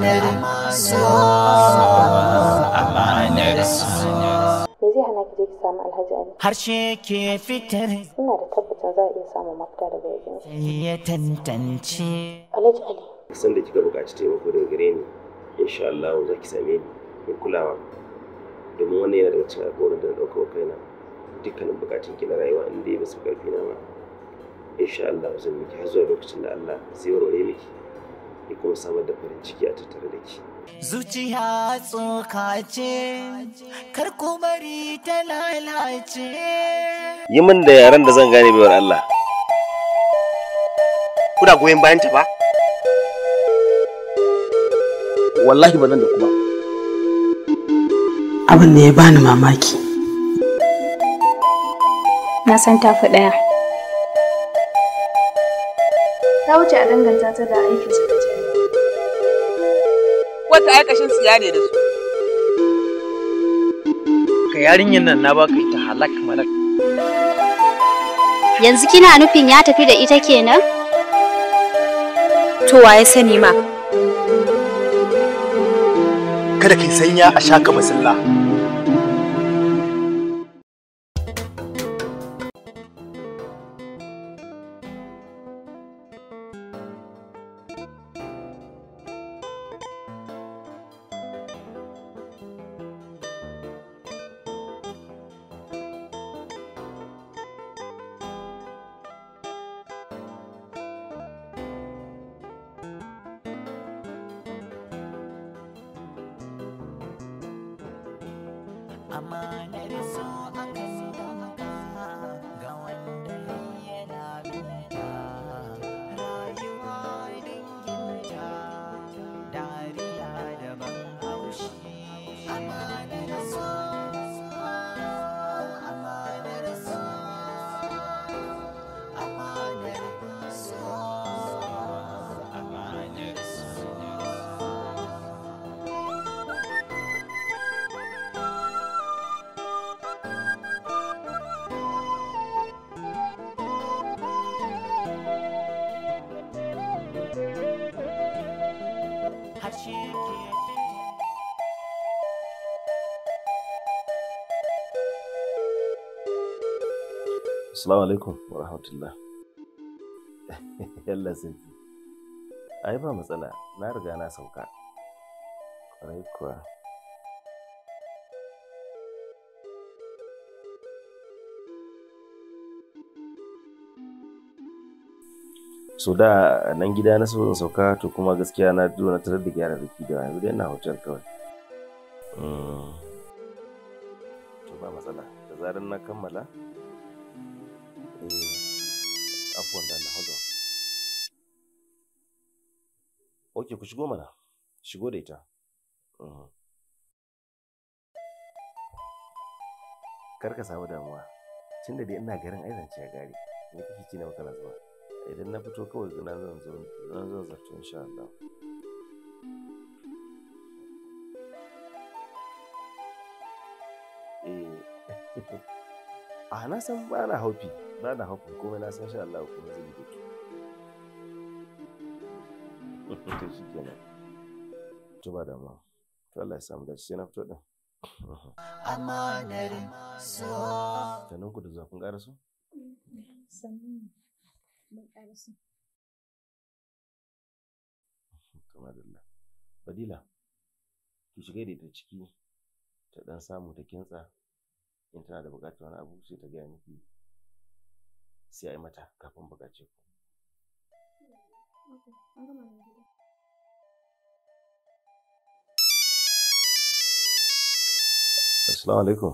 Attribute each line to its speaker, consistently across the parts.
Speaker 1: amanar so
Speaker 2: amanar je ki
Speaker 1: samu alhaji ali
Speaker 2: harshe ke fitar
Speaker 1: ina da tabbacin za a iya samun mafita
Speaker 3: daga
Speaker 2: yakin ya tantance
Speaker 4: alhaji
Speaker 3: ali san da kika buƙaci taimako daga gare ni insha Allah za ki same ni mai kulawa domin wannan yana daga cikin alƙawarin da na ɗauka wa kaina dukkanin buƙatun ki na rayuwa in dai ba su ƙarfi na ba insha Allah zan miki har zuwa lokacin da Allah zai warware miki ya kuma samar da farin ciki a tattare da ke.
Speaker 2: Zuciya tsoka ce, kar
Speaker 3: ta lalace. Yi min da yaren da zan gane baiwar Allah. Kuna goyon bayan ta ba? Wallahi ba nan da kuma. Abin da ya bani mamaki.
Speaker 1: Na san tafi ɗaya. ta wuce a danganta ta da aikinsa.
Speaker 5: wata aikashin su yare da su
Speaker 2: ka yarinyan nan na baka ita halak malak
Speaker 6: yanzu kina nufin ya tafi da ita kenan to waye sani ma
Speaker 4: kada ki sanya a shaka masalla
Speaker 3: Assalamu alaikum wa rahmatullah. Yalla sarki. Ai ba matsala, na riga na sauka. Kwarai kuwa. So da nan gida na so sauka to kuma gaskiya na zo na tarar da gyara riki da yanzu dai na hotel kawai. Mm. To ba matsala, da zarar na kammala abubuwan da Allah hazo. Oke ku shigo mana shigo da ita mm-hmm. kar ka samu damuwa tun da dai ina garin aizance ce gari. ni kake kina maka na idan na fito kawai na zan zo zan zo zarto insha Allah eh ah, na san ba na haufi na da hakun komai na san sha Allah kuma zai bi to shi kenan to ba ma to Allah ya samu dace sai na fito din rin so tanin ku da zuwa kun
Speaker 5: so mun so
Speaker 3: kamar Allah fadila ki shiga da ita ciki ta dan samu ta kintsa in tana da buƙatar wani abu sai ta gaya miki sai a yi mata kafin bukace ku. Assalamu alaikum.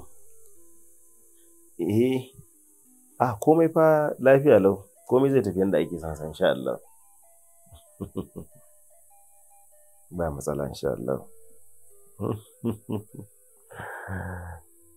Speaker 3: Eh, ah komai fa lafiya lau, komai zai tafi yadda ake sansa insha Allah. ba matsala insha Allah.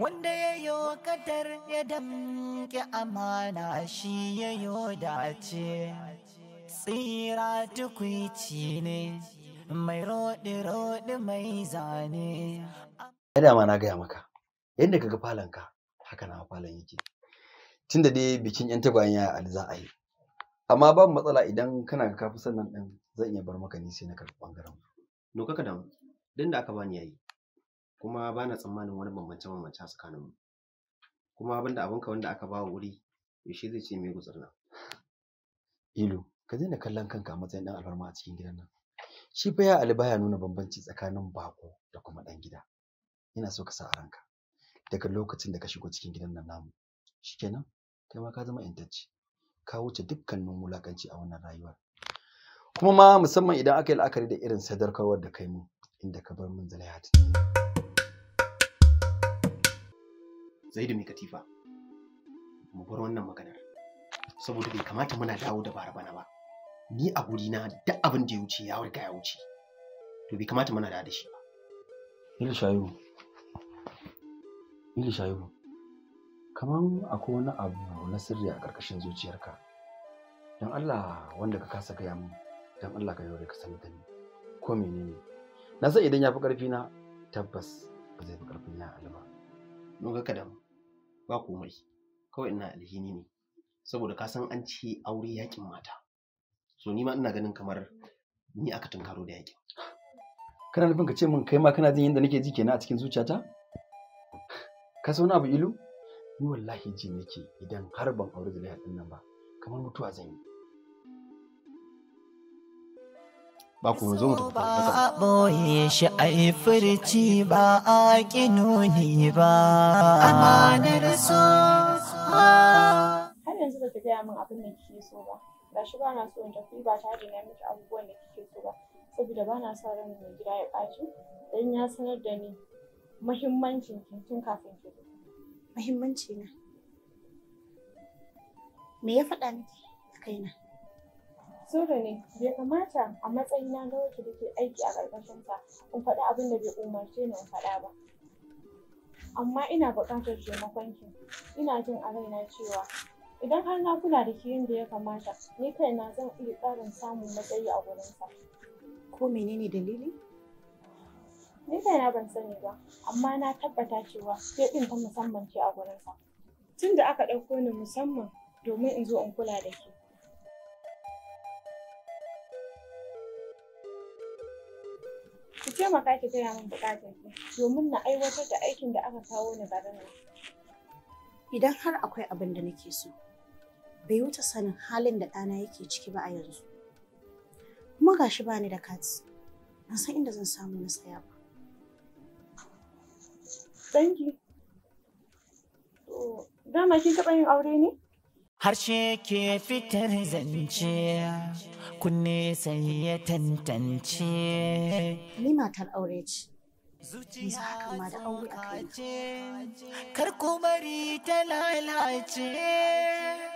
Speaker 2: wanda ya wa kadar ya damke amana shi ya yo dace tsira tukwici ne mai roɗi roɗi mai zane
Speaker 3: ya dama na gaya maka yadda ka ga falonka, haka na falon yake tun da dai bikin yan tagwayen ya ali za a yi amma babu matsala idan kana ga kafi sannan din zan iya bar maka ni sai na karɓi ɓangaren mu. ka damu, din da aka bani yayi. kuma bana tsammanin wani bambance bambance a tsakanin mu kuma banda abinka wanda aka bawa wuri yaushe zai ce mai guzurin nan ilu ka daina kallon kanka a matsayin ɗan alfarma a cikin gidan nan shi fa ya ali baya nuna bambanci tsakanin bako da kuma dan gida ina so ka sa a ranka daga lokacin da ka shigo cikin gidan nan namu shikenan kai ma ka zama intacci ka wuce dukkanin wulakanci a wannan rayuwar kuma ma musamman idan aka yi la'akari da irin sadarkarwar da kai mu inda ka bar mun zalaya zaidu mai katifa mu bar wannan maganar saboda bai kamata muna dawo da bara bana ba ni a guri na duk abin da ya wuce ya riga ya wuce to bai kamata muna da da shi ba ila shayu ila shayu kaman akwai wani abu na sirri a karkashin zuciyarka don Allah wanda ka kasa gaya min don Allah ka yore ka sanar da ni ko menene na san idan ya fi ƙarfi na tabbas ba zai fi ƙarfin ya alba Mun ga da ba komai kawai ina alhini ne saboda ka san an ce aure yakin mata so ni ma ina ganin kamar ni aka tunkaro da yakin kana nufin ka ce min kai ma kana jin yadda nake ji kenan a cikin zuciyata ka san abu ilu ni wallahi ji nake idan har ban aure da din nan ba kamar mutuwa zan yi
Speaker 2: ba ku zo mu tafi ba boye shi a yi furci ba a nuni ba amanar so har
Speaker 5: yanzu ba ta gaya min abin da kike so ba ga shi ba na so in tafi
Speaker 1: ba tare da miki abubuwan da kike so ba saboda ba na sa ran mai gida ya ɓaci dan ya sanar da ni muhimmancin tun kafin ki zo muhimmanci na me ya faɗa miki kai kaina sirri ne bai kamata a matsayi na ga wacce da ke aiki a ta in faɗi abin da bai umarce ni in faɗa ba amma ina buƙatar ki ina jin a raina cewa idan har na kula da ki yadda ya kamata ni na zan iya ƙarin samun matsayi a ka ko menene dalili ni na ban sani ba amma na tabbata cewa ke ɗin ta musamman ce a gurinsa tunda aka ɗauko ni musamman domin in zo in kula da ke taimaka ki gaya min buƙatar ki domin na aiwatar da aikin da aka kawo ni garin nan. Idan har akwai abin da nake so, bai wuce sanin halin da ɗana yake ciki ba a yanzu. Kuma shi bani da kati, na san inda zan samu na saya ba. Danki, dama kin taɓa yin aure ne?
Speaker 2: Harshe ke fitar zance. kunne sai ya tantance ni matar aure ce yanzu haka ma da aure a kai kar ku bari ta lalace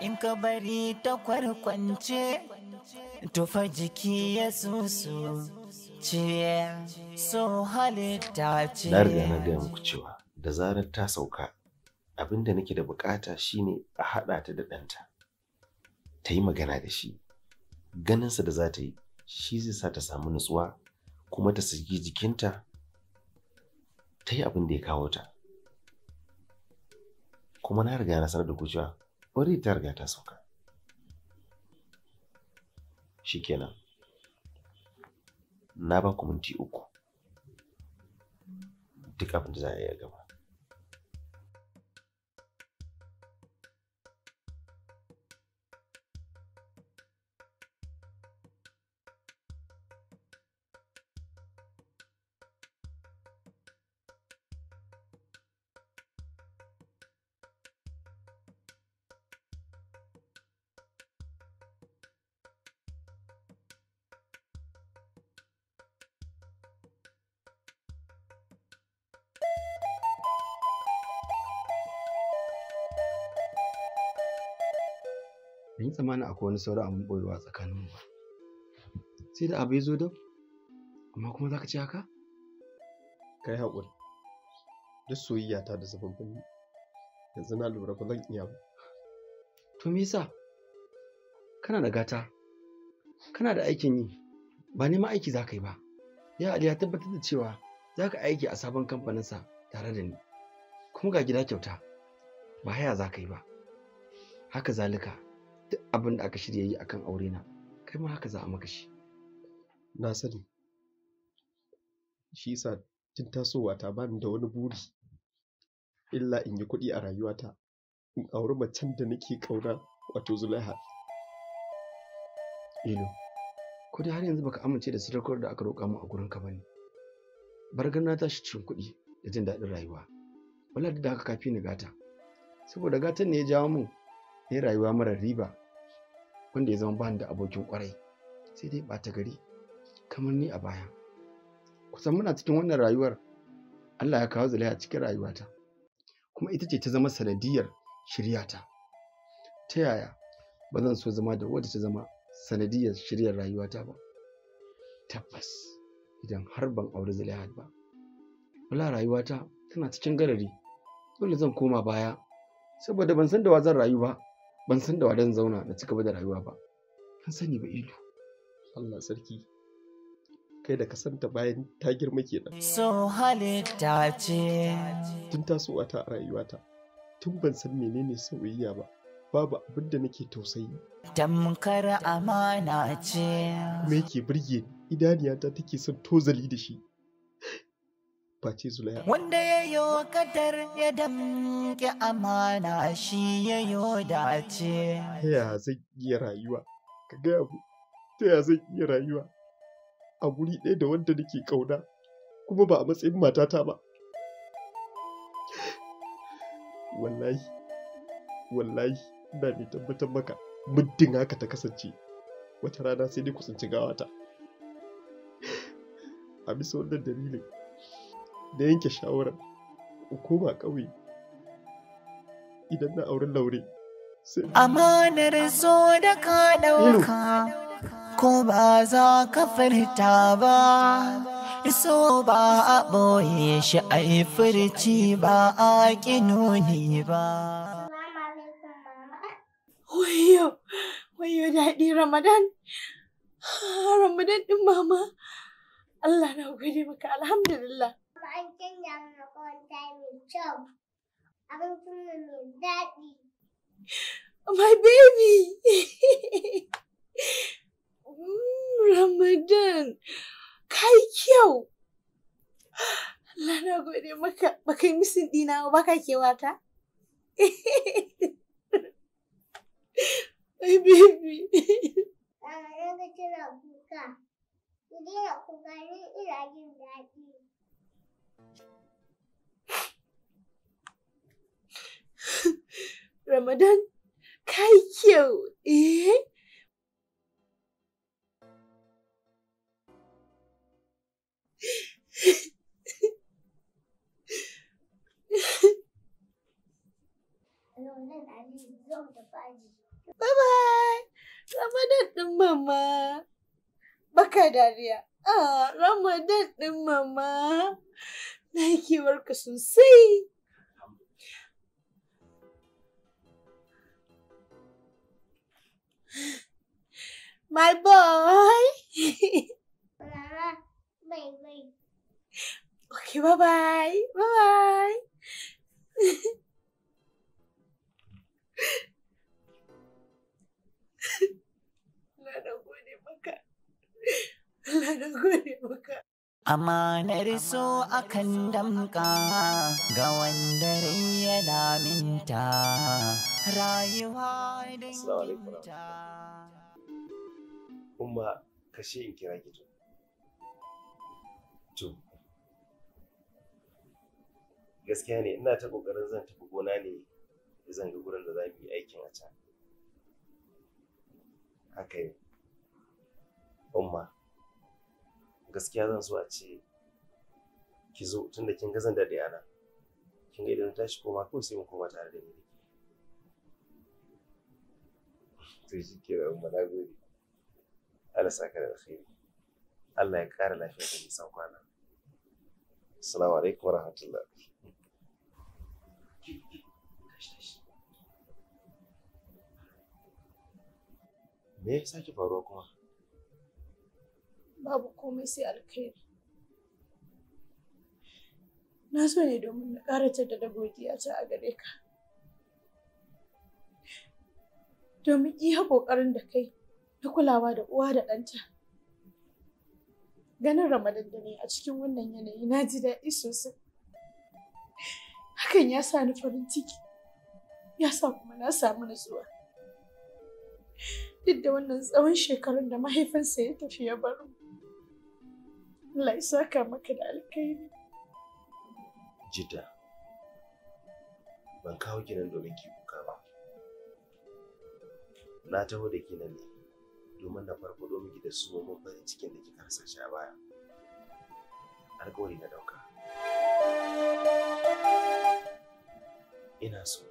Speaker 2: in ka bari ta kwarkwance tufa jiki ya susu ce so halitta ce na riga na gaya
Speaker 3: muku cewa da zarar ta sauka abinda nake da bukata shine a haɗa ta da ɗanta ta yi magana da shi ganinsa da za ta yi shi zai sa ta samu nutsuwa kuma ta saki jikinta ta yi abin da ya kawo ta kuma na riga na sanar da ku cewa bari ta riga ta sauka Shi kenan. na ba ku minti uku duk abin da za a iya gaba ban yi tsammanin akwai wani sauran abin ɓoyewa tsakanin mu
Speaker 4: sai da abu ya zo dab
Speaker 3: amma kuma za ka ce haka
Speaker 4: ka yi haƙuri duk soyayya ta da sababbin yanzu na lura ba zan iya ba to me yasa kana da gata
Speaker 3: kana da aikin yi ba neman aiki za ka yi ba ya ali ya tabbatar da cewa za ka aiki a sabon kamfaninsa tare da ni kuma ga gida kyauta ba haya za ka yi ba haka zalika duk abin da aka shirya yi akan aure na kai ma haka za
Speaker 4: a maka shi na sani shi yasa tun tasowa ta bani da wani buri illa in yi kuɗi a rayuwata in auri macen da nake ƙauna wato zulaiha ilo
Speaker 3: ko dai har yanzu baka amince da sadaukar da aka roƙa mu a gurinka ba ne Bargana ta tashi cikin kuɗi da jin daɗin rayuwa wala da haka kafi ni gata saboda gatan ne ya jawo mu sai rayuwa marar riba wanda ya zama bani da abokin kwarai sai dai ɓata gari kamar ni a baya kusan muna cikin wannan rayuwar Allah ya kawo zulai cikin rayuwata kuma ita ce ta zama sanadiyar shiryata ta yaya ba zan so zama da wadda ta zama sanadiyar shiryar rayuwata ba tabbas idan har ban auri zulaihat ba wala rayuwata tana cikin garari dole zan koma baya saboda ban san
Speaker 4: da wa zan rayu ba ban san da wadan zauna na cigaba da rayuwa ba kan sani ba ido Allah sarki kai da kasanta bayan ta girma kenan so
Speaker 2: halitta
Speaker 4: ce tun tasowa ta a rayuwata tun ban san menene soyayya ba babu abin da nake tausayi
Speaker 2: tamkar amana ce
Speaker 4: me ke burge idaniya idaniyata take son tozali da shi Fati
Speaker 2: Wanda ya yi kadar ya damke amana shi ya yi dace.
Speaker 4: Ta ya zan iya rayuwa? Ka gaya mu, ta ya zan iya rayuwa? A guri ɗaya da wanda nake ƙauna, kuma ba a matsayin matata ba. Wallahi, wallahi, ina mai tabbatar maka, muddin haka ta kasance, wata rana sai dai kusanci gawata. A bisa wannan dalilin, da yanke shawarar in ƙauye idan na auri laure.
Speaker 2: Amanar zo da ka ɗauka ko ba za ka furta ba, so ba a ɓoye shi a yi furci ba a ƙinoni ba. Wayo, wayo daɗi Ramadan,
Speaker 5: ah, Ramadan ɗin mama, Allah na gode maka alhamdulillah. an canja mana makaranta mai kyau. Abincin mu mai daɗi. My baby! Mm, Ramadan, kai kyau! Allah na gode maka baka yi misin ɗina ba ka kewata. My baby! Ramadan ka kuka. Ku kuka ni ina jin daɗi. Ramadan kai kyo eh Bye bye. Selamat datang mama. Bakar dah Ah, Ramadan mama. Thank you for kesusi. My boy. okay, bye bye. Bye bye. Nada boleh makan.
Speaker 2: Amma na riso Amanar so akan damka ga wanda rai ya daminta rayuwa danginta. Umma
Speaker 3: kashe in kira gido. To, gaskiya ne ina ta kokarin zan tafi gona ne zan ga gurin da za mu yi aikin a can. Haka yi, umma. gaskiya zan so a ce ki zo tunda kin ga zan daɗe ana kin ga idan tashi koma ko sai mu koma tare da ni to shi ke da umma nagode Allah saka da alkhairi Allah ya ƙara lafiya da nisan kwana assalamu alaikum warahmatullah me ya sake faruwa kuma
Speaker 5: babu komai sai alkhairi na so ne domin na ƙara jaddada godiya ta a gare ka domin iya ƙoƙarin da kai na kulawa da uwa da ɗanta ganin ramadan da ne a cikin wannan yanayi na ji daɗi sosai hakan ya sa ni farin ciki ya sa kuma na samu nutsuwa duk da wannan tsawon shekarun da mahaifinsa ya tafi ya baro Allah ya saka maka da alkhairi.
Speaker 3: Jidda, ban kawo ki nan domin ki kuka ba. Na taho da ki nan ne domin na farfado miki da su mun farin cikin da kika rasa shi a baya. Alƙawari na dauka. Ina so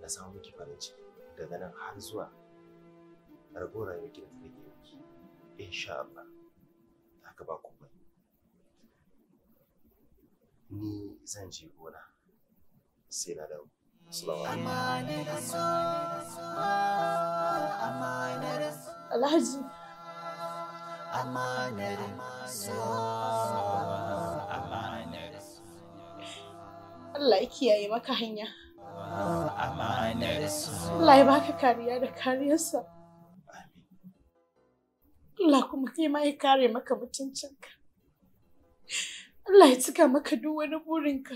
Speaker 3: na samu miki farin ciki daga nan har zuwa ragowar rayuwar ki da
Speaker 2: ta rage miki.
Speaker 3: Insha Allah. haka ba komai. ni zan je gona sai na dawo
Speaker 5: Alhaji Allah ya kiyaye maka hanya
Speaker 2: Allah ya
Speaker 5: baka kariya da kariyarsa Allah kuma kai ma ya kare maka mutuncinka Allah ya cika maka duk wani burinka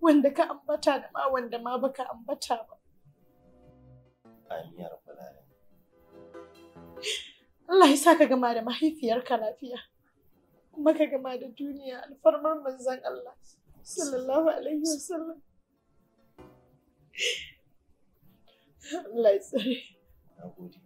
Speaker 5: wanda ka ambata da ma wanda ma baka ambata ba.
Speaker 3: Amin ya rabbal alamin.
Speaker 5: Allah ya saka gama da mahaifiyarka lafiya. Kuma ka gama da duniya alfarmar manzon Allah sallallahu alaihi wasallam. Allah ya tsare. Na gode.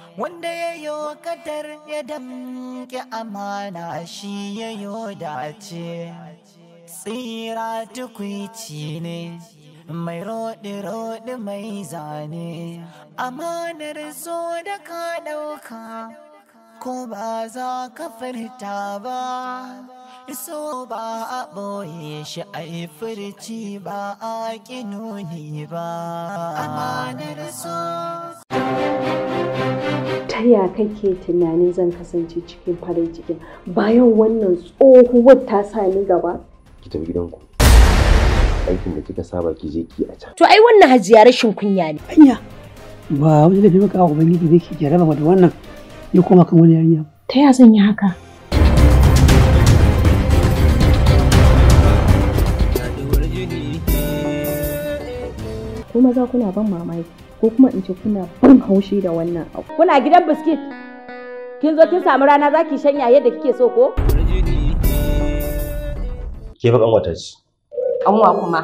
Speaker 2: wanda ya yo kadar ya damke amana shi ya yo dace tsira tukwici ne mai roɗi-roɗi mai zane amanar so da ka ɗauka ko ba za ka furta ba so ba a ɓoye shi a yi furci ba a ƙi ba amanar so ya kake
Speaker 1: tunanin zan kasance cikin farin cikin bayan wannan tsohuwar ta sa ni
Speaker 6: gaba
Speaker 3: ki tafi gidanku aikin da kika saba ki je ki a can
Speaker 6: to ai wannan hajiya rashin kunya ne anya
Speaker 2: ba wani da maka abu bangiji zai ki jaraba da wannan ya koma kan wani yarinya
Speaker 6: ta ya zan yi haka
Speaker 1: kuma za kuna ban mamaki ko kuma in ce kuna ban haushi da wannan abu
Speaker 6: kuna gidan biskit kin zo kin samu rana zaki shanya yadda kike so ko
Speaker 3: ke fa wata ce
Speaker 6: kanwa kuma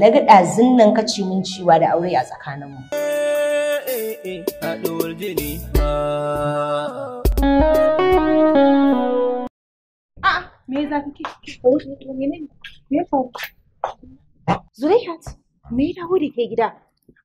Speaker 6: na ga ɗazin nan ka ci min ciwa da aure a tsakaninmu me Zulaihat, me ya dawo da ke gida?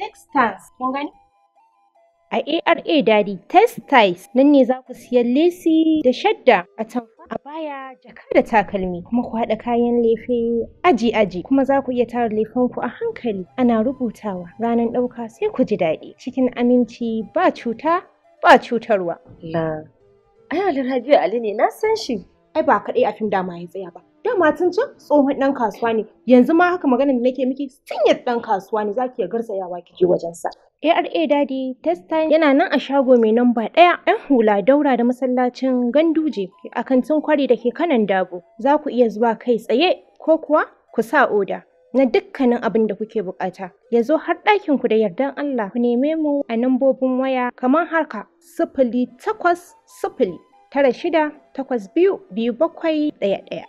Speaker 6: textiles kun gani a ARA Daddy Textiles nan ne za ku siyan lesi da shadda a tamfa a baya jaka da takalmi kuma ku haɗa kayan lefe aji aji kuma za ku iya tara ku a hankali ana rubutawa ranar ɗauka sai ku ji daɗi cikin aminci ba cuta ba cutarwa. Ai Ali Ali ne na san shi. Ai ba kaɗai a fim dama ya tsaya ba. dama tun can tsohon dan kasuwa ne yanzu ma haka magana da nake miki sinyar dan kasuwa ne zaki ya garzayawa kike wajen sa ARA Daddy test time yana nan a shago mai namba ɗaya ‘yan hula daura da masallacin ganduje a kantin kwari da ke kanan dago za ku iya zuwa kai tsaye ko kuwa ku sa oda na dukkanin abin da kuke bukata ya zo har ɗakin ku da yardan Allah ku neme mu a nambobin waya kamar haka sifili takwas sifili tara shida takwas biyu biyu bakwai ɗaya ɗaya